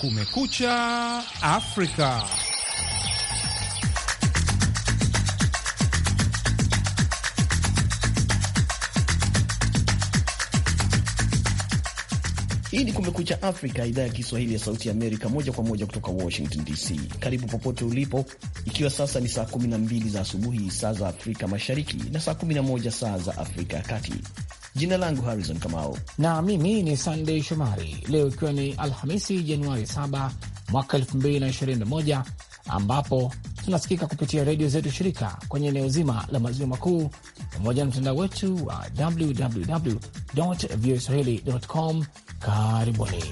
Kumekucha Afrika. Hii ni Kumekucha Afrika, idhaa ya Kiswahili ya Sauti ya Amerika, moja kwa moja kutoka Washington DC. Karibu popote ulipo, ikiwa sasa ni saa 12 za asubuhi saa za Afrika Mashariki na saa 11 saa za Afrika ya Kati. Jina langu Harrison Kamau na mimi ni Sandey Shomari. Leo ikiwa ni Alhamisi, Januari 7 mwaka 2021 ambapo tunasikika kupitia redio zetu shirika kwenye eneo zima la maziwa makuu pamoja na mtandao wetu wa www voaswahili com. Karibuni.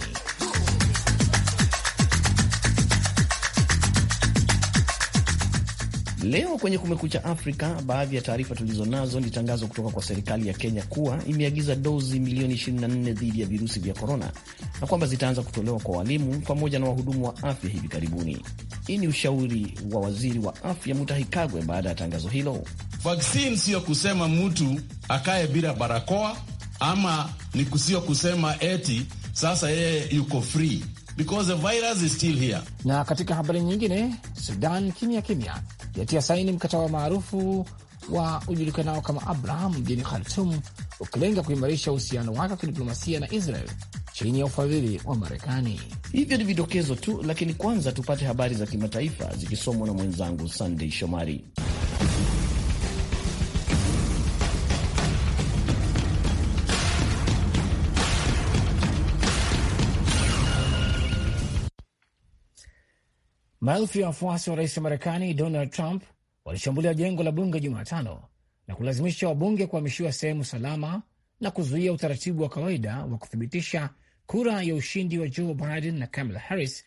Leo kwenye Kumekucha Afrika, baadhi ya taarifa tulizonazo ni tangazo kutoka kwa serikali ya Kenya kuwa imeagiza dozi milioni 24 dhidi ya virusi vya korona na kwamba zitaanza kutolewa kwa walimu pamoja na wahudumu wa afya hivi karibuni. Hii ni ushauri wa waziri wa afya Mutahi Kagwe baada ya tangazo hilo. Vaksini siyo kusema mtu akaye bila barakoa ama ni kusio kusema eti sasa yeye yuko free because the virus is still here. Na katika habari nyingine, Sudan kimya kimya yatia saini mkataba maarufu wa ujulikanao kama Abraham mjini Khartum, ukilenga kuimarisha uhusiano wake wa kidiplomasia na Israel chini ya ufadhili wa Marekani. Hivyo ni vidokezo tu, lakini kwanza tupate habari za kimataifa zikisomwa na mwenzangu Sandei Shomari. Maelfu ya wafuasi wa rais wa Marekani Donald Trump walishambulia jengo la bunge Jumatano na kulazimisha wabunge kuhamishiwa sehemu salama na kuzuia utaratibu wa kawaida wa kuthibitisha kura ya ushindi wa Joe Biden na Kamala Harris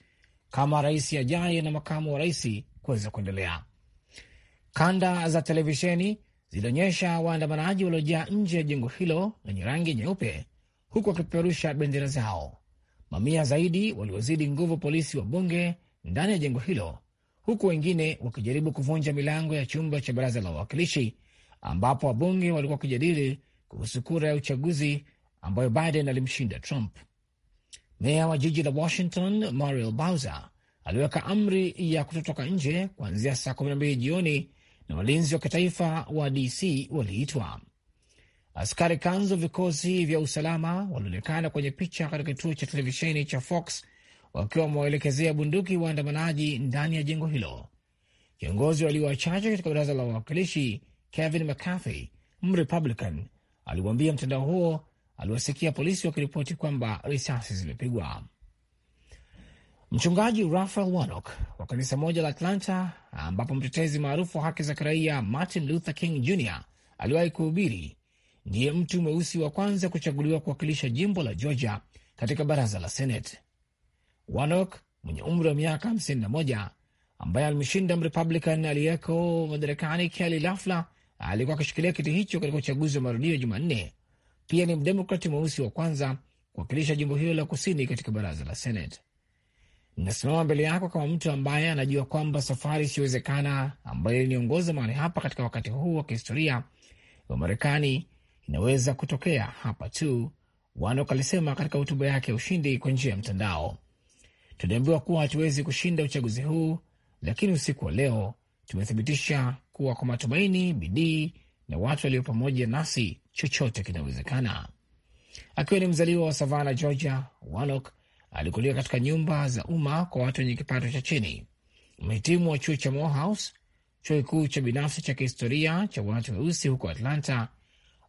kama rais ajaye na makamu wa rais kuweza kuendelea. Kanda za televisheni zilionyesha waandamanaji waliojaa nje ya jengo hilo lenye rangi nyeupe, huku wakipeperusha bendera zao. Mamia zaidi waliwazidi nguvu polisi wa bunge ndani ya jengo hilo, huku wengine wakijaribu kuvunja milango ya chumba cha baraza la wawakilishi ambapo wabunge walikuwa wakijadili kuhusu kura ya uchaguzi ambayo Biden alimshinda Trump. Meya wa jiji la Washington Mario Bowser aliweka amri ya kutotoka nje kuanzia saa 12 jioni na walinzi wa kitaifa wa DC waliitwa. Askari kanzo vikosi vya usalama walionekana kwenye picha katika kituo cha televisheni cha Fox wakiwa wamewaelekezea bunduki waandamanaji ndani ya jengo hilo. Kiongozi walio wachache katika baraza la wawakilishi Kevin McCarthy, Mrepublican, aliwaambia mtandao huo aliwasikia polisi wakiripoti kwamba risasi zimepigwa Mchungaji Raphael Warnock wa kanisa moja la Atlanta, ambapo mtetezi maarufu wa haki za kiraia Martin Luther King Jr aliwahi kuhubiri, ndiye mtu mweusi wa kwanza kuchaguliwa kuwakilisha jimbo la Georgia katika baraza la Senate. Warnock mwenye umri wa miaka 51 ambaye alimshinda Mrepublican aliyeko madarakani Kelly Lafla alikuwa akishikilia kiti hicho katika uchaguzi wa marudio Jumanne. Pia ni mdemokrati mweusi wa kwanza kuwakilisha jimbo hilo la kusini katika baraza la Senate. Nasimama mbele yako kama mtu ambaye anajua kwamba safari isiyowezekana ambayo iliniongoza mahali hapa katika wakati huu wa kihistoria wa Marekani inaweza kutokea hapa tu, Wanok alisema katika hotuba yake ya ushindi kwa njia ya mtandao. Tuliambiwa kuwa hatuwezi kushinda uchaguzi huu, lakini usiku wa leo tumethibitisha kuwa kwa matumaini, bidii na watu walio pamoja nasi, chochote kinawezekana. Akiwa ni mzaliwa wa Savana, Georgia, Wanok alikulia katika nyumba za umma kwa watu wenye kipato cha chini. Mhitimu wa chuo cha Morehouse, chuo kikuu cha binafsi cha kihistoria cha watu weusi huko Atlanta,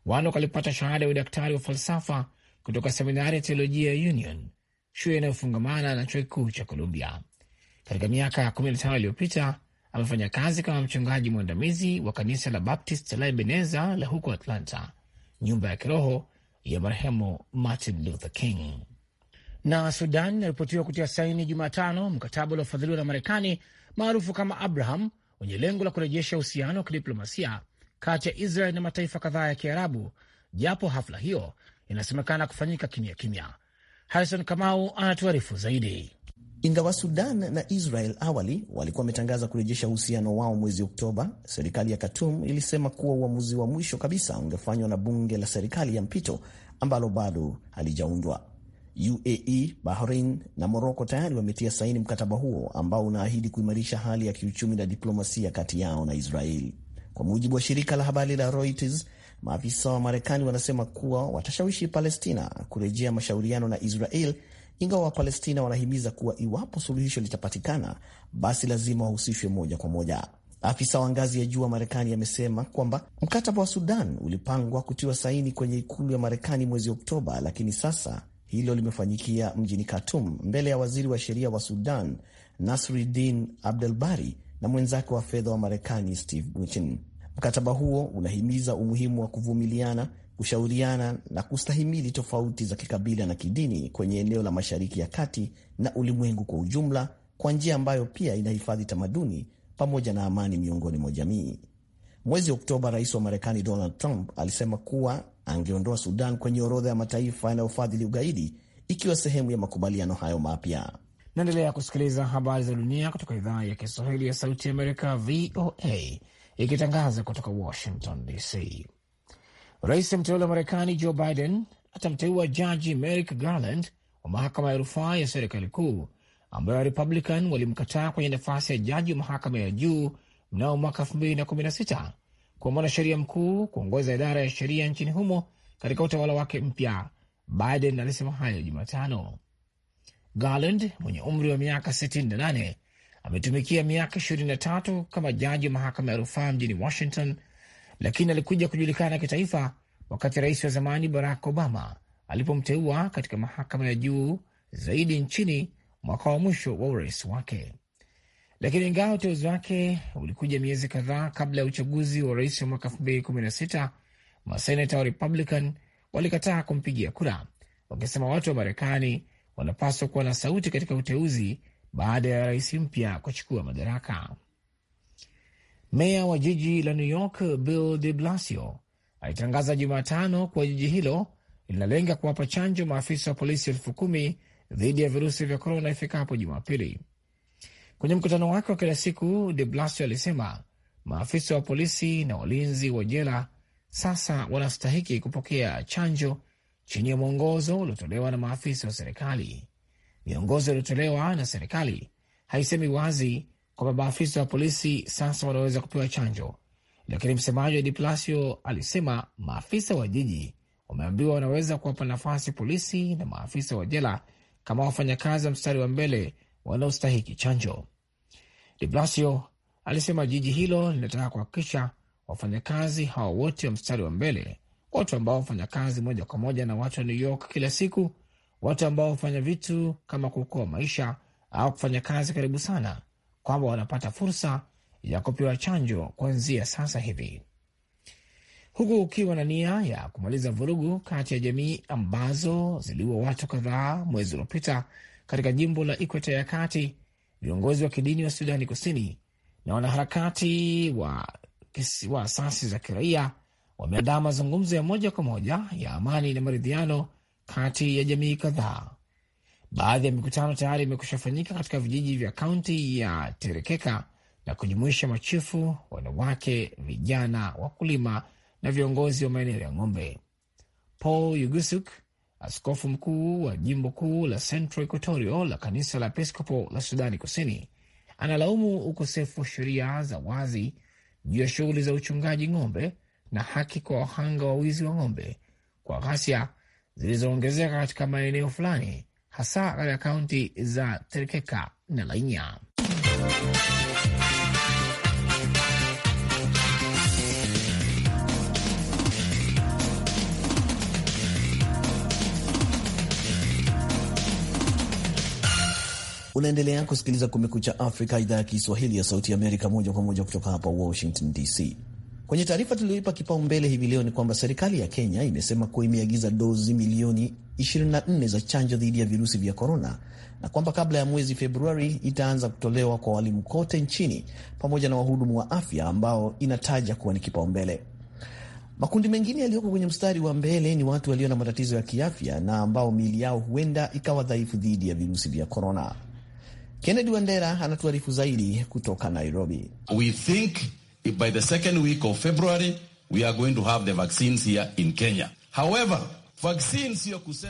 Wanok alipata shahada ya udaktari wa falsafa kutoka seminari ya teolojia ya Union shule inayofungamana na chuo kikuu cha Columbia. Katika miaka 15 iliyopita amefanya kazi kama mchungaji mwandamizi wa kanisa la Baptist la Ebeneza la huko Atlanta, nyumba ya kiroho ya marehemu Martin Luther King. Na Sudan inaripotiwa kutia saini Jumatano mkataba uliofadhiliwa na Marekani maarufu kama Abraham wenye lengo la kurejesha uhusiano wa kidiplomasia kati ya Israel na mataifa kadhaa ya Kiarabu, japo hafla hiyo inasemekana kufanyika kimya kimya. Harrison Kamau anatuarifu zaidi. Ingawa Sudan na Israel awali walikuwa wametangaza kurejesha uhusiano wao mwezi Oktoba, serikali ya Khartoum ilisema kuwa uamuzi wa mwisho kabisa ungefanywa na bunge la serikali ya mpito ambalo bado halijaundwa. UAE, Bahrain na Moroko tayari wametia saini mkataba huo ambao unaahidi kuimarisha hali ya kiuchumi na diplomasia kati yao na Israeli. Kwa mujibu wa shirika la habari la Reuters, Maafisa wa Marekani wanasema kuwa watashawishi Palestina kurejea mashauriano na Israel, ingawa Wapalestina wanahimiza kuwa iwapo suluhisho litapatikana, basi lazima wahusishwe moja kwa moja. Afisa wa ngazi ya juu wa Marekani amesema kwamba mkataba wa Sudan ulipangwa kutiwa saini kwenye ikulu ya Marekani mwezi Oktoba, lakini sasa hilo limefanyikia mjini Khartoum mbele ya waziri wa sheria wa Sudan Nasruddin Abdelbari na mwenzake wa fedha wa Marekani Steve Mnuchin. Mkataba huo unahimiza umuhimu wa kuvumiliana, kushauriana na kustahimili tofauti za kikabila na kidini kwenye eneo la Mashariki ya Kati na ulimwengu kwa ujumla, kwa njia ambayo pia inahifadhi tamaduni pamoja na amani miongoni mwa jamii. Mwezi Oktoba, rais wa Marekani Donald Trump alisema kuwa angeondoa Sudan kwenye orodha ya mataifa yanayofadhili ugaidi ikiwa sehemu ya makubaliano hayo mapya. Naendelea kusikiliza habari za dunia kutoka idhaa ya Kiswahili ya Sauti ya Amerika, VOA, ikitangaza kutoka Washington DC. Rais mteule wa Marekani Joe Biden atamteua jaji Merrick Garland wa mahakama ya rufaa ya serikali kuu ambayo Warepublican walimkataa kwenye nafasi ya jaji wa mahakama ya juu mnamo mwaka 2016 kwa mwanasheria mkuu kuongoza idara ya sheria nchini humo katika utawala wake mpya. Biden alisema hayo Jumatano. Garland mwenye umri wa miaka 68 ametumikia miaka ishirini na tatu kama jaji wa mahakama ya rufaa mjini Washington, lakini alikuja kujulikana kitaifa wakati rais wa zamani Barack Obama alipomteua katika mahakama ya juu zaidi nchini mwaka wa mwisho wa urais wake. Lakini ingawa uteuzi wake ulikuja miezi kadhaa kabla ya uchaguzi wa rais wa mwaka 2016, maseneta wa Republican walikataa kumpigia kura, wakisema watu wa Marekani wanapaswa kuwa na sauti katika uteuzi baada ya rais mpya kuchukua madaraka. Meya wa jiji la New York Bill de Blasio alitangaza Jumatano kuwa jiji hilo linalenga kuwapa chanjo maafisa wa polisi elfu kumi dhidi ya virusi vya korona ifikapo Jumapili. Kwenye mkutano wake wa kila siku, de Blasio alisema maafisa wa polisi na walinzi wa jela sasa wanastahiki kupokea chanjo chini ya mwongozo uliotolewa na maafisa wa serikali miongozo iliyotolewa na serikali haisemi wazi kwamba maafisa wa polisi sasa wanaweza kupewa chanjo, lakini msemaji wa Diplasio alisema maafisa wa jiji wameambiwa wanaweza kuwapa nafasi polisi na maafisa wa jela kama wafanyakazi wa mstari wa mbele wanaostahiki chanjo. Diplasio alisema jiji hilo linataka kuhakikisha wafanyakazi hawa wote wa mstari wa mbele, watu ambao wafanyakazi moja kwa moja na watu wa New York kila siku, watu ambao hufanya vitu kama kuokoa maisha au kufanya kazi karibu sana, kwamba wanapata fursa ya kupewa chanjo kuanzia sasa hivi, huku ukiwa na nia ya kumaliza vurugu kati ya jamii ambazo ziliua watu kadhaa mwezi uliopita katika jimbo la Ikweta ya Kati. Viongozi wa kidini wa Sudani Kusini na wanaharakati wa, wa asasi za kiraia wameandaa mazungumzo ya moja kwa moja ya amani na maridhiano kati ya jamii kadhaa. Baadhi ya mikutano tayari imekwisha fanyika katika vijiji vya kaunti ya Terekeka na kujumuisha machifu, wanawake, vijana, wakulima na viongozi wa maeneo ya ng'ombe. Paul Yugusuk, askofu mkuu wa jimbo kuu la Central Equatorio la kanisa la Episcopo la Sudani Kusini, analaumu ukosefu wa sheria za wazi juu ya shughuli za uchungaji ng'ombe na haki kwa wahanga wa wizi wa ng'ombe kwa ghasia zilizoongezeka katika maeneo fulani, hasa katika kaunti za Terkeka na Lainya. Unaendelea kusikiliza Kumekucha Afrika, idhaa ya Kiswahili ya Sauti ya Amerika, moja kwa moja kutoka hapa Washington DC. Kwenye taarifa tuliyoipa kipaumbele hivi leo ni kwamba serikali ya Kenya imesema kuwa imeagiza dozi milioni 24 za chanjo dhidi ya virusi vya korona na kwamba kabla ya mwezi Februari itaanza kutolewa kwa walimu kote nchini pamoja na wahudumu wa afya ambao inataja kuwa ni kipaumbele. Makundi mengine yaliyoko kwenye mstari wa mbele ni watu walio na matatizo ya kiafya na ambao miili yao huenda ikawa dhaifu dhidi ya virusi vya korona. Kennedy Wandera anatuarifu zaidi kutoka Nairobi. We think if by the second week of February we are going to have the vaccines here in Kenya. However,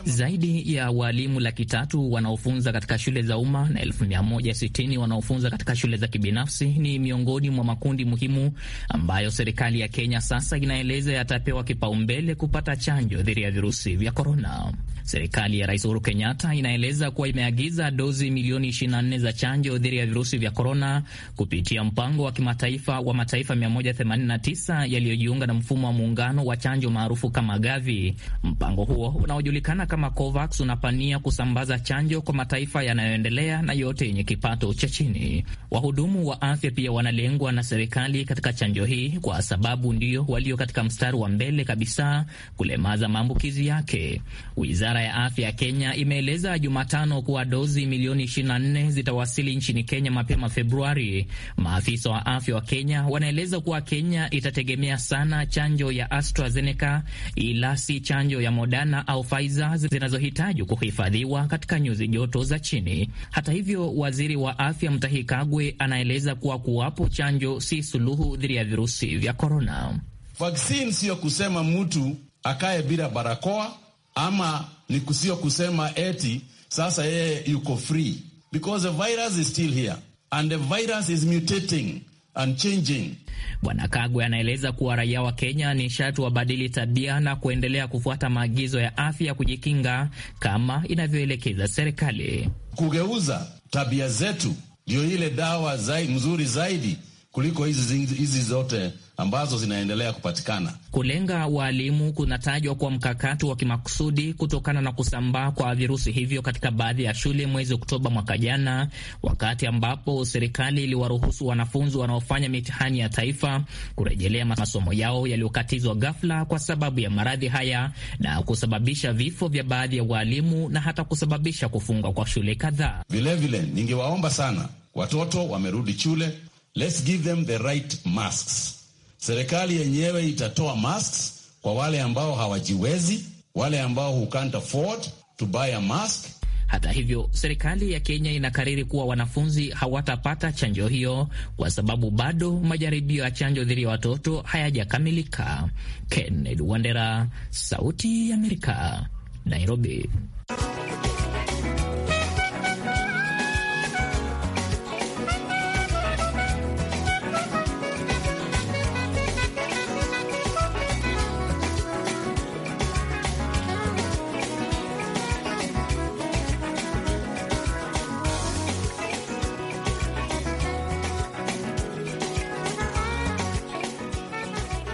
Zaidi ya walimu laki tatu wanaofunza katika shule za umma na elfu mia moja sitini wanaofunza katika shule za kibinafsi ni miongoni mwa makundi muhimu ambayo serikali ya Kenya sasa inaeleza yatapewa kipaumbele kupata chanjo dhidi ya virusi vya korona. Serikali ya Rais Uhuru Kenyatta inaeleza kuwa imeagiza dozi milioni 24 za chanjo dhidi ya virusi vya korona kupitia mpango wa kimataifa wa mataifa 189 yaliyojiunga na mfumo wa muungano wa chanjo maarufu kama Gavi. Mpango Mpango huo unaojulikana kama COVAX unapania kusambaza chanjo kwa mataifa yanayoendelea na yote yenye kipato cha chini. Wahudumu wa afya pia wanalengwa na serikali katika chanjo hii, kwa sababu ndio walio katika mstari wa mbele kabisa kulemaza maambukizi yake. Wizara ya afya ya Kenya imeeleza Jumatano kuwa dozi milioni 24 zitawasili nchini Kenya mapema Februari. Maafisa wa afya wa Kenya wanaeleza kuwa Kenya itategemea sana chanjo ya AstraZeneca ila si chanjo ya Moderna Moderna au Pfizer zinazohitaji kuhifadhiwa katika nyuzi joto za chini. Hata hivyo, waziri wa afya Mtahi Kagwe anaeleza kuwa kuwapo chanjo si suluhu dhidi ya virusi vya korona. Vaksini siyo kusema mtu akaye bila barakoa ama ni kusio kusema eti sasa yeye yuko free because the virus is still here and the virus is mutating Bwana Kagwe anaeleza kuwa raia wa Kenya ni sharti wabadili tabia na kuendelea kufuata maagizo ya afya ya kujikinga kama inavyoelekeza serikali. Kugeuza tabia zetu ndiyo ile dawa zai, mzuri zaidi kuliko hizi zote ambazo zinaendelea kupatikana. Kulenga waalimu kunatajwa kuwa mkakati wa kimakusudi kutokana na kusambaa kwa virusi hivyo katika baadhi ya shule mwezi Oktoba mwaka jana, wakati ambapo serikali iliwaruhusu wanafunzi wanaofanya mitihani ya taifa kurejelea masomo yao yaliyokatizwa ghafla kwa sababu ya maradhi haya na kusababisha vifo vya baadhi ya waalimu na hata kusababisha kufungwa kwa shule kadhaa. Vilevile ningewaomba sana, watoto wamerudi shule, let's give them the right masks Serikali yenyewe itatoa masks kwa wale ambao hawajiwezi, wale ambao who can't afford to buy a mask. Hata hivyo, serikali ya Kenya inakariri kuwa wanafunzi hawatapata chanjo hiyo kwa sababu bado majaribio ya chanjo dhidi ya watoto hayajakamilika. Kennedy Wandera, Sauti ya Amerika, Nairobi.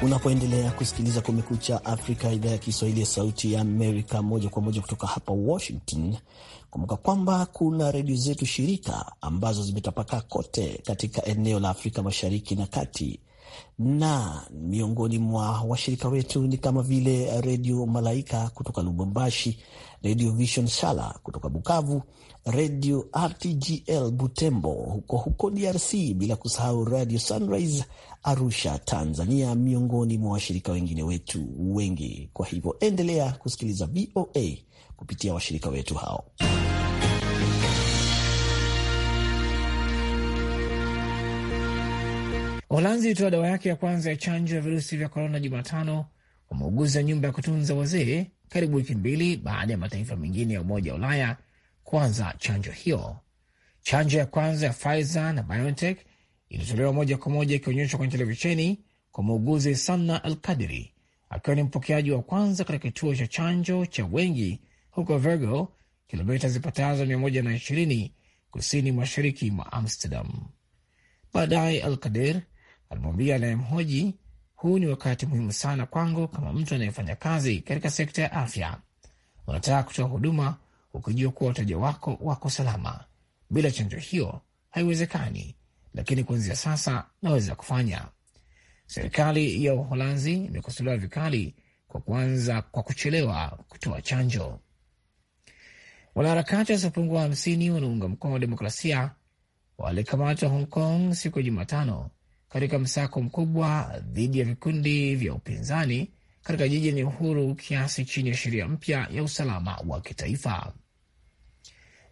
unapoendelea kusikiliza Kumekucha Afrika, idhaa ya Kiswahili ya Sauti ya Amerika, moja kwa moja kutoka hapa Washington. Kumbuka kwamba kuna redio zetu shirika ambazo zimetapakaa kote katika eneo la Afrika Mashariki na Kati, na miongoni mwa washirika wetu ni kama vile Redio Malaika kutoka Lubumbashi, Redio Vision Shala kutoka Bukavu, Redio RTGL Butembo huko huko DRC, bila kusahau Radio Sunrise Arusha, Tanzania, miongoni mwa washirika wengine wetu wengi. Kwa hivyo endelea kusikiliza VOA kupitia washirika wetu hao. Uholanzi ilitoa dawa yake ya kwanza ya chanjo ya virusi vya korona Jumatano kwa mauguzi wa nyumba ya kutunza wazee, karibu wiki mbili baada ya mataifa mengine ya Umoja wa Ulaya kuanza chanjo hiyo. Chanjo ya kwanza ya Pfizer na BioNTech ilitolewa moja kwa moja ikionyeshwa kwenye televisheni kwa muuguzi Sanna Kadiri akiwa ni mpokeaji wa kwanza katika kituo cha chanjo cha wengi huko Virgo, kilomita zipatazo 120 kusini mashariki mwa Amsterdam. Baadaye Kadir Alimwambia anayemhoji, huu ni wakati muhimu sana kwangu kama mtu anayefanya kazi katika sekta ya afya. Unataka kutoa huduma ukijua kuwa wateja wako wako salama. Bila chanjo hiyo haiwezekani, lakini kuanzia sasa naweza kufanya. Serikali ya Uholanzi imekosolewa vikali kwa kuanza kwa kuchelewa kutoa chanjo. Wanaharakati wasiopungua hamsini wanaunga mkono wa demokrasia walikamatwa Hong Kong siku ya Jumatano katika msako mkubwa dhidi ya vikundi vya upinzani katika jiji lenye uhuru kiasi chini ya sheria mpya ya usalama wa kitaifa.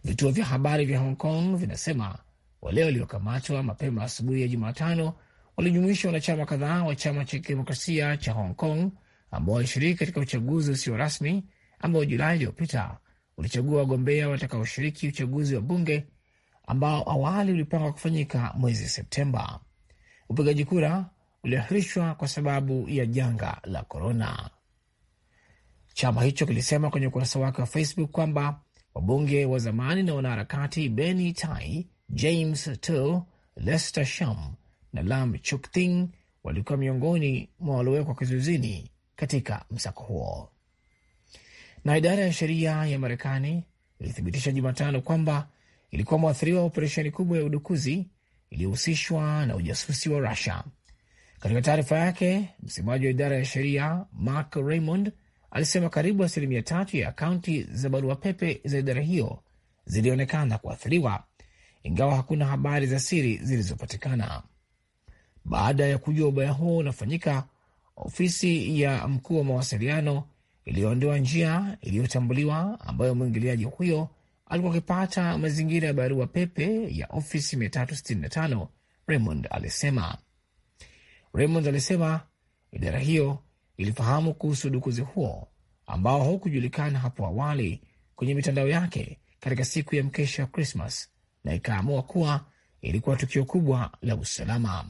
Vituo vya habari vya Hong Kong vinasema wale waliokamatwa mapema asubuhi ya Jumatano walijumuisha wanachama kadhaa wa chama cha kidemokrasia cha Hong Kong ambao walishiriki katika uchaguzi usio rasmi ambao Julai iliyopita ulichagua wagombea watakaoshiriki uchaguzi wa bunge ambao awali ulipangwa kufanyika mwezi Septemba upigaji kura uliahirishwa kwa sababu ya janga la korona. Chama hicho kilisema kwenye ukurasa wake wa Facebook kwamba wabunge wa zamani na wanaharakati beny Tai, James Till, Lester Sham na Lam Chukthing walikuwa miongoni mwa waliowekwa kizuizini katika msako huo. Na idara ya sheria ya Marekani ilithibitisha Jumatano kwamba ilikuwa mwathiriwa wa operesheni kubwa ya udukuzi iliyohusishwa na ujasusi wa Rusia. Katika taarifa yake, msemaji wa idara ya sheria Mark Raymond alisema karibu asilimia tatu ya akaunti za barua pepe za idara hiyo zilionekana kuathiriwa, ingawa hakuna habari za siri zilizopatikana. Baada ya kujua ubaya huo unafanyika, ofisi ya mkuu wa mawasiliano iliyoondoa njia iliyotambuliwa ambayo mwingiliaji huyo alikuwa akipata mazingira ya barua pepe ya ofisi 365, Raymond alisema. Raymond alisema idara hiyo ilifahamu kuhusu udukuzi huo ambao haukujulikana hapo awali kwenye mitandao yake katika siku ya mkesha wa Krismas na ikaamua kuwa ilikuwa tukio kubwa la usalama.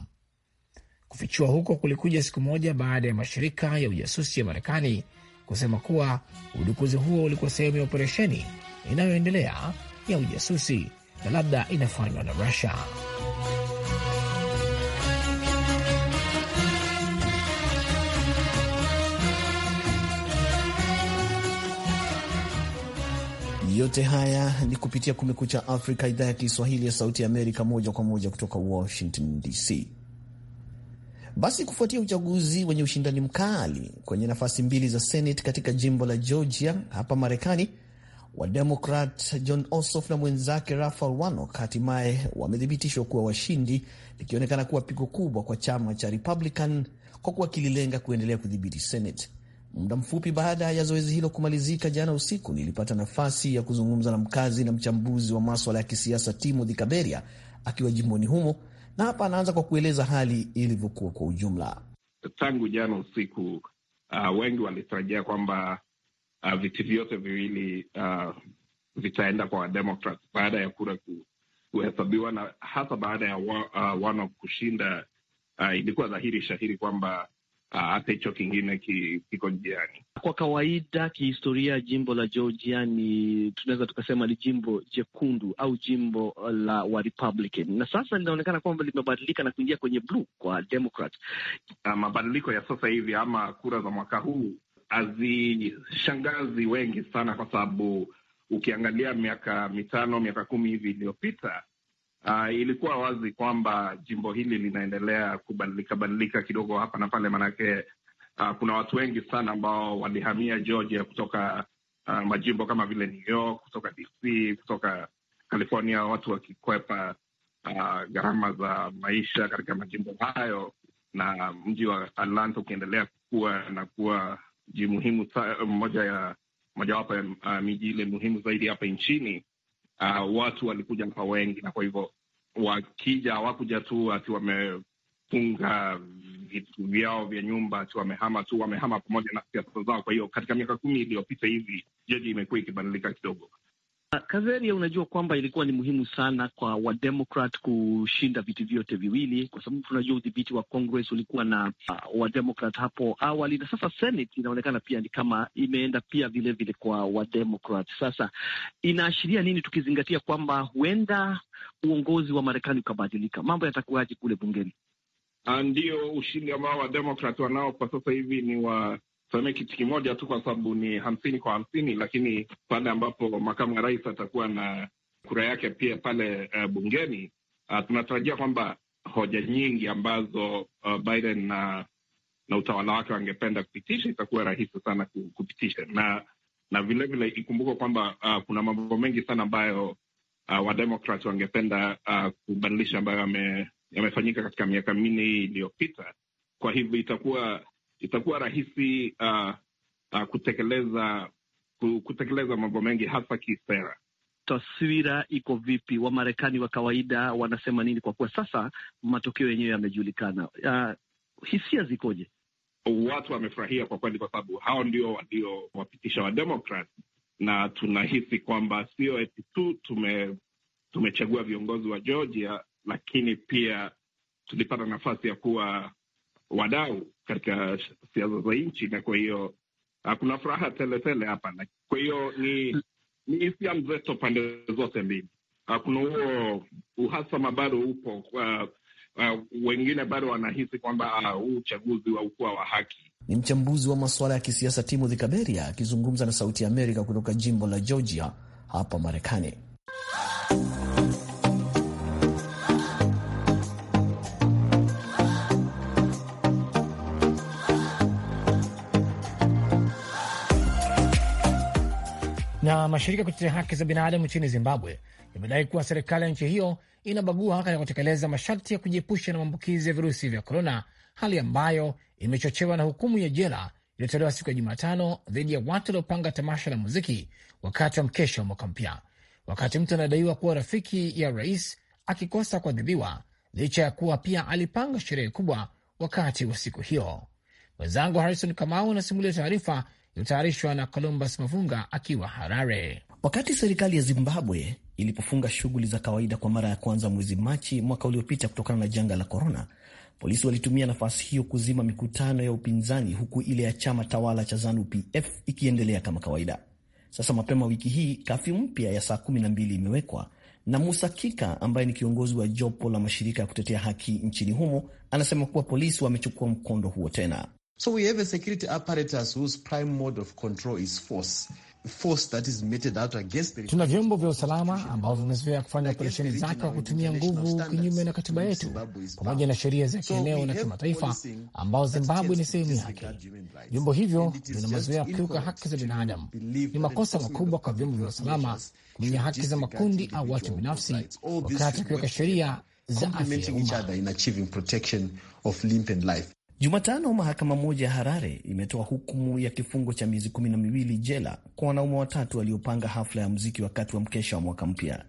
Kufichua huko kulikuja siku moja baada ya mashirika ya ujasusi ya Marekani kusema kuwa udukuzi huo ulikuwa sehemu ya operesheni inayoendelea ya ujasusi na labda inafanywa na Rusia. Yote haya ni kupitia Kumekucha Afrika, idhaa ya Kiswahili ya Sauti ya Amerika, moja kwa moja kutoka Washington DC. Basi kufuatia uchaguzi wenye ushindani mkali kwenye nafasi mbili za Senate katika jimbo la Georgia hapa Marekani, Demokrat John Ossoff na mwenzake Rafael Warnock hatimaye wamethibitishwa kuwa washindi, likionekana kuwa pigo kubwa kwa chama cha Republican kwa kuwa kililenga kuendelea kudhibiti Senate. Muda mfupi baada ya zoezi hilo kumalizika jana usiku, nilipata nafasi ya kuzungumza na mkazi na mchambuzi wa maswala ya kisiasa Timothy Kaberia akiwa jimboni humo, na hapa anaanza kwa kueleza hali ilivyokuwa kwa ujumla. Tangu jana usiku, uh, wengi walitarajia kwamba uh, viti vyote viwili uh, vitaenda kwa Wademokrat baada ya kura kuhesabiwa na hasa baada ya wa, uh, ah, wano kushinda. Uh, ilikuwa dhahiri shahiri kwamba hata uh, hicho kingine kiko njiani. Kwa kawaida, kihistoria, jimbo la Georgia ni tunaweza tukasema ni jimbo jekundu au jimbo la wa Republican, na sasa linaonekana kwamba limebadilika na kuingia kwenye blue kwa Democrat. Uh, mabadiliko ya sasa hivi ama kura za mwaka huu hazishangazi wengi sana, kwa sababu ukiangalia miaka mitano miaka kumi hivi iliyopita Uh, ilikuwa wazi kwamba jimbo hili linaendelea kubadilika badilika kidogo hapa na pale, maanake uh, ah, kuna watu wengi sana ambao walihamia Georgia kutoka uh, majimbo kama vile New York, kutoka DC, kutoka California, watu wakikwepa uh, gharama za maisha katika majimbo hayo, na mji wa Atlanta ukiendelea kukua na kuwa mji muhimu moja ya mojawapo ya uh, miji ile muhimu zaidi hapa nchini. Uh, watu walikuja hapa wengi, na kwa hivyo wakija hawakuja tu ati wamefunga vitu vyao vya nyumba ati wamehama tu, wamehama pamoja na siasa zao. Kwa hiyo katika miaka kumi iliyopita hivi jeji imekuwa ikibadilika kidogo. Kazeria, unajua kwamba ilikuwa ni muhimu sana kwa wademokrat kushinda viti vyote viwili, kwa sababu tunajua udhibiti wa Congress ulikuwa na uh, wademokrat hapo awali, na sasa Senate inaonekana pia ni kama imeenda pia vilevile vile kwa wademokrat. Sasa inaashiria nini, tukizingatia kwamba huenda uongozi wa Marekani ukabadilika? Mambo yatakuwaje kule bungeni? Ah, ndio ushindi ambao wademokrat wanao kwa sasa hivi ni wa tuseme kitu kimoja tu, kwa sababu ni hamsini kwa hamsini, lakini pale ambapo makamu wa rais atakuwa na kura yake pia pale uh, bungeni uh, tunatarajia kwamba hoja nyingi ambazo uh, Biden na na utawala wake wangependa kupitisha itakuwa rahisi sana kupitisha, na na vilevile ikumbukwe kwamba uh, kuna mambo mengi sana ambayo uh, ah, wademokrat wangependa uh, kubadilisha ambayo yamefanyika katika miaka minne hii iliyopita. Kwa hivyo itakuwa itakuwa rahisi uh, uh, kutekeleza kutekeleza mambo mengi hasa kisera. Taswira iko vipi? Wamarekani wa kawaida wanasema nini, kwa kuwa sasa matokeo yenyewe yamejulikana? Uh, hisia zikoje? Watu wamefurahia kwa kweli, kwa sababu hao ndio waliowapitisha Wademokrat, na tunahisi kwamba sio eti tu tume tumechagua viongozi wa Georgia, lakini pia tulipata nafasi ya kuwa wadau katika siasa za nchi, na kwa hiyo ah, kuna furaha teletele hapa. Kwa hiyo ni ni hisia mzeto pande zote mbili. Ah, kuna huo uhasama bado upo kwa, uh, ah, wengine bado wanahisi kwamba huu uh, uchaguzi haukuwa wa haki. Ni mchambuzi wa masuala ya kisiasa Timothy Kaberia akizungumza na Sauti ya Amerika kutoka jimbo la Georgia hapa Marekani. Na mashirika kutetea haki za binadamu nchini Zimbabwe yamedai kuwa serikali ya nchi hiyo inabagua katika kutekeleza masharti ya kujiepusha na maambukizi ya virusi vya korona, hali ambayo imechochewa na hukumu ya jela iliyotolewa siku ya Jumatano dhidi ya watu waliopanga tamasha la muziki wakati wa mkesha wa mwaka mpya, wakati mtu anadaiwa kuwa rafiki ya rais akikosa kuadhibiwa licha ya kuwa pia alipanga sherehe kubwa wakati wa siku hiyo. Mwenzangu Harrison Kamau anasimulia taarifa inatayarishwa na Columbus Mavunga akiwa Harare. Wakati serikali ya Zimbabwe ilipofunga shughuli za kawaida kwa mara ya kwanza mwezi Machi mwaka uliopita kutokana na janga la korona, polisi walitumia nafasi hiyo kuzima mikutano ya upinzani, huku ile ya chama tawala cha ZANU-PF ikiendelea kama kawaida. Sasa mapema wiki hii kafyu mpya ya saa kumi na mbili imewekwa na Musa Kika ambaye ni kiongozi wa jopo la mashirika ya kutetea haki nchini humo anasema kuwa polisi wamechukua mkondo huo tena. So we have a security apparatus whose prime mode of control is force. Force that is meted out against the... Tuna vyombo vya usalama ambavyo vimezoea kufanya operesheni zake kwa kutumia nguvu kinyume na katiba yetu pamoja na sheria za kieneo na kimataifa ambao Zimbabwe ni sehemu yake. Vyombo hivyo vina mazoea kukiuka haki za binadamu. Ni makosa makubwa kwa vyombo vya usalama kumenya haki za makundi au watu binafsi wakati wakiweka sheria za afya ya umma. Jumatano mahakama moja ya Harare imetoa hukumu ya kifungo cha miezi kumi na miwili jela kwa wanaume watatu waliopanga hafla ya muziki wakati wa mkesha wa mwaka mpya.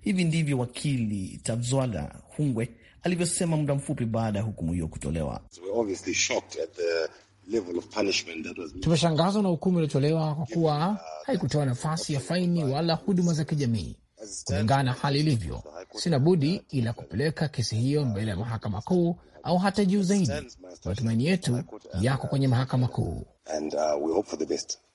Hivi ndivyo wakili tavzwala Hungwe alivyosema muda mfupi baada ya hukumu hiyo kutolewa. Tumeshangazwa na hukumu iliyotolewa kwa kuwa uh, haikutoa nafasi ya faini wala huduma za kijamii. Kulingana na hali ilivyo, sina budi ila kupeleka kesi hiyo mbele ya mahakama kuu au hata juu zaidi. Matumaini yetu yako kwenye mahakama kuu.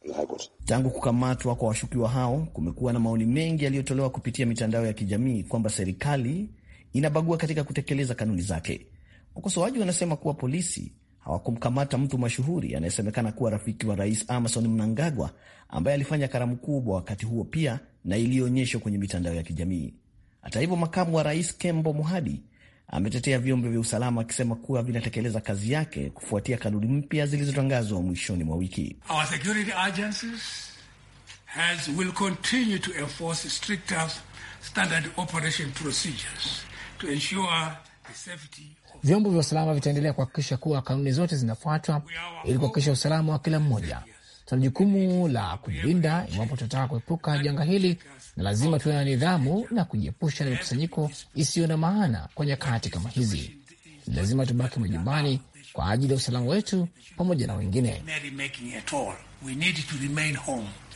Uh, Tangu kukamatwa kwa washukiwa hao, kumekuwa na maoni mengi yaliyotolewa kupitia mitandao ya kijamii kwamba serikali inabagua katika kutekeleza kanuni zake. Wakosoaji wanasema kuwa polisi hawakumkamata mtu mashuhuri anayesemekana kuwa rafiki wa rais Emmerson Mnangagwa, ambaye alifanya karamu kubwa wakati huo pia na iliyoonyeshwa kwenye mitandao ya kijamii. Hata hivyo, makamu wa rais Kembo muhadi ametetea vyombo vya usalama akisema kuwa vinatekeleza kazi yake kufuatia kanuni mpya zilizotangazwa mwishoni mwa wiki vyombo vya usalama vitaendelea kuhakikisha kuwa kanuni zote zinafuatwa ili kuhakikisha usalama wa kila mmoja. Tuna jukumu la kujilinda iwapo tunataka kuepuka janga hili, na lazima tuwe na nidhamu na kujiepusha na mikusanyiko isiyo na maana kwa nyakati kama hizi. Lazima tubaki majumbani kwa ajili ya usalama wetu pamoja na wengine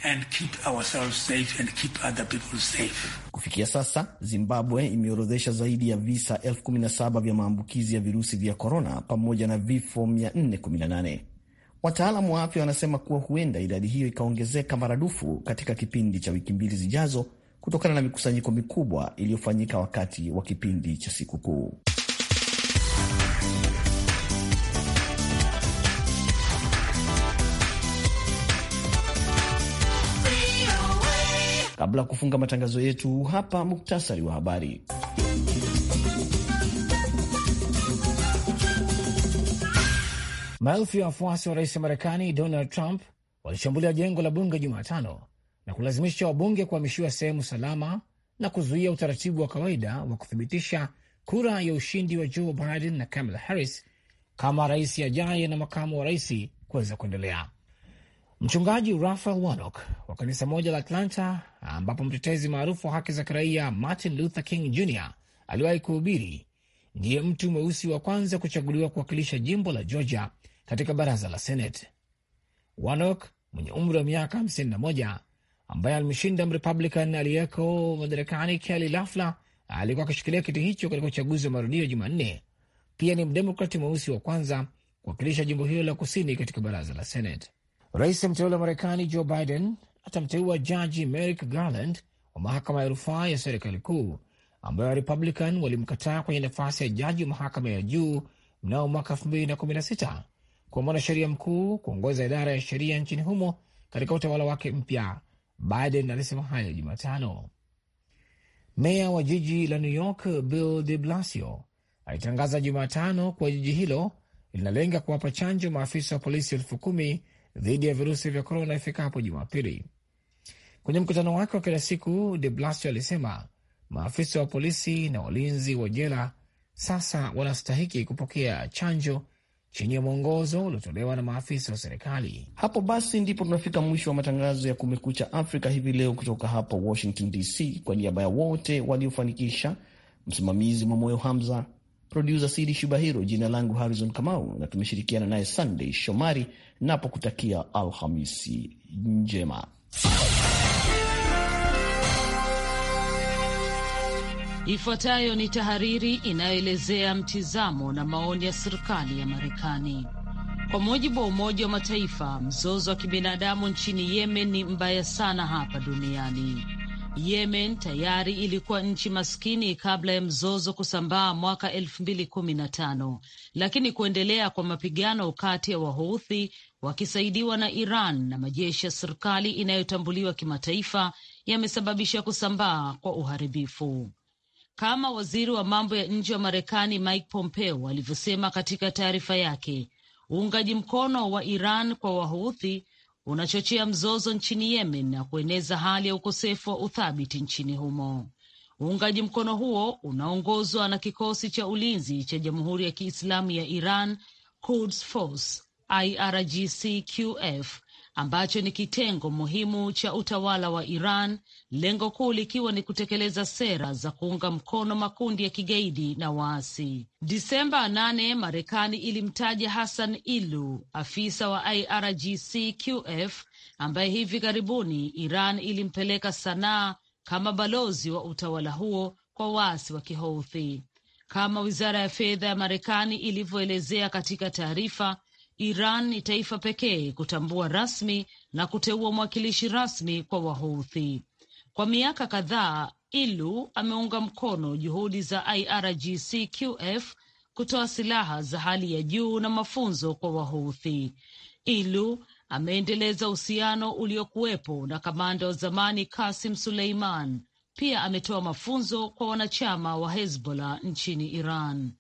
and keep ourselves safe and keep other people safe. Kufikia sasa Zimbabwe imeorodhesha zaidi ya visa 17 vya maambukizi ya virusi vya korona pamoja na vifo 418. Wataalamu wa afya wanasema kuwa huenda idadi hiyo ikaongezeka maradufu katika kipindi cha wiki mbili zijazo kutokana na mikusanyiko mikubwa iliyofanyika wakati wa kipindi cha sikukuu. Kabla ya kufunga matangazo yetu hapa, muktasari wa habari. Maelfu ya wafuasi wa rais wa Marekani Donald Trump walishambulia jengo la bunge Jumatano na kulazimisha wabunge kuhamishiwa sehemu salama na kuzuia utaratibu wa kawaida wa kuthibitisha kura ya ushindi wa Joe Biden na Kamala Harris kama rais ajaye na makamu wa rais kuweza kuendelea. Mchungaji rafael Warnock wa kanisa moja la Atlanta, ambapo mtetezi maarufu wa haki za kiraia Martin Luther King Jr aliwahi kuhubiri, ndiye mtu mweusi wa kwanza kuchaguliwa kuwakilisha jimbo la Georgia katika baraza la Senate. Warnock mwenye umri wa miaka 51 ambaye alimshinda Mrepublican aliyeko madarakani Kelly Lafla alikuwa akishikilia kiti hicho katika uchaguzi wa marudio Jumanne. Pia ni mdemokrati mweusi wa kwanza kuwakilisha jimbo hilo la kusini katika baraza la Senate. Rais mteule wa Marekani Joe Biden atamteua jaji Merrick Garland wa mahakama ya rufaa ya serikali kuu ambayo Warepublican walimkataa kwenye nafasi ya jaji wa mahakama ya juu mnamo mwaka 2016 kwa mwanasheria mkuu kuongoza idara ya sheria nchini humo katika utawala wake mpya. Biden alisema hayo Jumatano. Meya wa jiji la New York Bill de Blasio alitangaza Jumatano kuwa jiji hilo linalenga kuwapa chanjo maafisa wa polisi elfu kumi dhidi ya virusi vya korona ifikapo Jumapili. Kwenye mkutano wake wa kila siku, de Blasio alisema maafisa wa polisi na walinzi wa jela sasa wanastahiki kupokea chanjo chini ya mwongozo uliotolewa na maafisa wa serikali. Hapo basi ndipo tunafika mwisho wa matangazo ya Kumekucha Afrika hivi leo, kutoka hapa Washington DC. Kwa niaba ya wote waliofanikisha, msimamizi Mwamoyo Hamza, produsa Sidi Shubahiro. Jina langu Harrison Kamau na tumeshirikiana naye Sunday Shomari, napo kutakia Alhamisi njema. Ifuatayo ni tahariri inayoelezea mtizamo na maoni ya serikali ya Marekani. Kwa mujibu wa Umoja wa Mataifa, mzozo wa kibinadamu nchini Yemen ni mbaya sana hapa duniani. Yemen tayari ilikuwa nchi maskini kabla ya mzozo kusambaa mwaka elfu mbili kumi na tano, lakini kuendelea kwa mapigano kati ya Wahouthi wakisaidiwa na Iran na majeshi ya serikali inayotambuliwa kimataifa yamesababisha kusambaa kwa uharibifu. Kama waziri wa mambo ya nje wa Marekani Mike Pompeo alivyosema katika taarifa yake, uungaji mkono wa Iran kwa Wahouthi unachochea mzozo nchini Yemen na kueneza hali ya ukosefu wa uthabiti nchini humo. Uungaji mkono huo unaongozwa na kikosi cha ulinzi cha Jamhuri ya Kiislamu ya Iran Quds Force IRGC QF ambacho ni kitengo muhimu cha utawala wa Iran, lengo kuu likiwa ni kutekeleza sera za kuunga mkono makundi ya kigaidi na waasi. Disemba 8 Marekani ilimtaja Hassan Ilu, afisa wa IRGC-QF ambaye hivi karibuni Iran ilimpeleka Sanaa kama balozi wa utawala huo kwa waasi wa Kihouthi. Kama wizara ya fedha ya Marekani ilivyoelezea katika taarifa, Iran ni taifa pekee kutambua rasmi na kuteua mwakilishi rasmi kwa Wahouthi. Kwa miaka kadhaa, Ilu ameunga mkono juhudi za IRGC-QF kutoa silaha za hali ya juu na mafunzo kwa Wahouthi. Ilu ameendeleza uhusiano uliokuwepo na kamanda wa zamani Kasim Suleiman. Pia ametoa mafunzo kwa wanachama wa Hezbollah nchini Iran.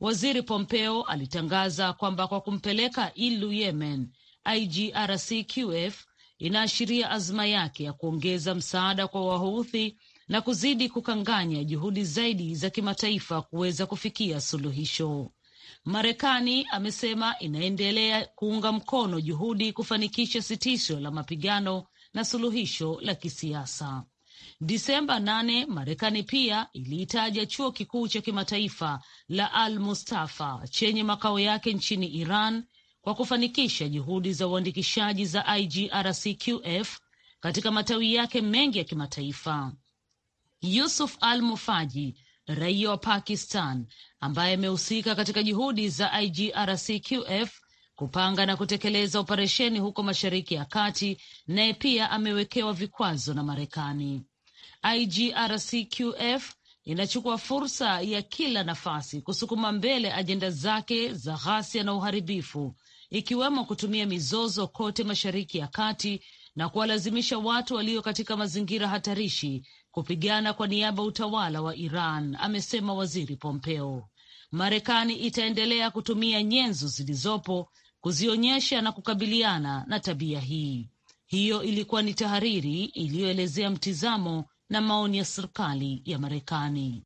Waziri Pompeo alitangaza kwamba kwa kumpeleka Ilu Yemen, IGRCQF inaashiria azma yake ya kuongeza msaada kwa Wahouthi na kuzidi kukanganya juhudi zaidi za kimataifa kuweza kufikia suluhisho. Marekani amesema inaendelea kuunga mkono juhudi kufanikisha sitisho la mapigano na suluhisho la kisiasa. Disemba 8 Marekani pia iliitaja chuo kikuu cha kimataifa la Al Mustafa chenye makao yake nchini Iran kwa kufanikisha juhudi za uandikishaji za IGRCQF katika matawi yake mengi ya kimataifa. Yusuf Al Mufaji, raia wa Pakistan ambaye amehusika katika juhudi za IGRCQF kupanga na kutekeleza operesheni huko Mashariki ya Kati, naye pia amewekewa vikwazo na Marekani. IGRCQF inachukua fursa ya kila nafasi kusukuma mbele ajenda zake za ghasia na uharibifu, ikiwemo kutumia mizozo kote Mashariki ya Kati na kuwalazimisha watu walio katika mazingira hatarishi kupigana kwa niaba utawala wa Iran, amesema Waziri Pompeo. Marekani itaendelea kutumia nyenzo zilizopo kuzionyesha na kukabiliana na tabia hii. Hiyo ilikuwa ni tahariri iliyoelezea mtizamo na maoni ya serikali ya Marekani.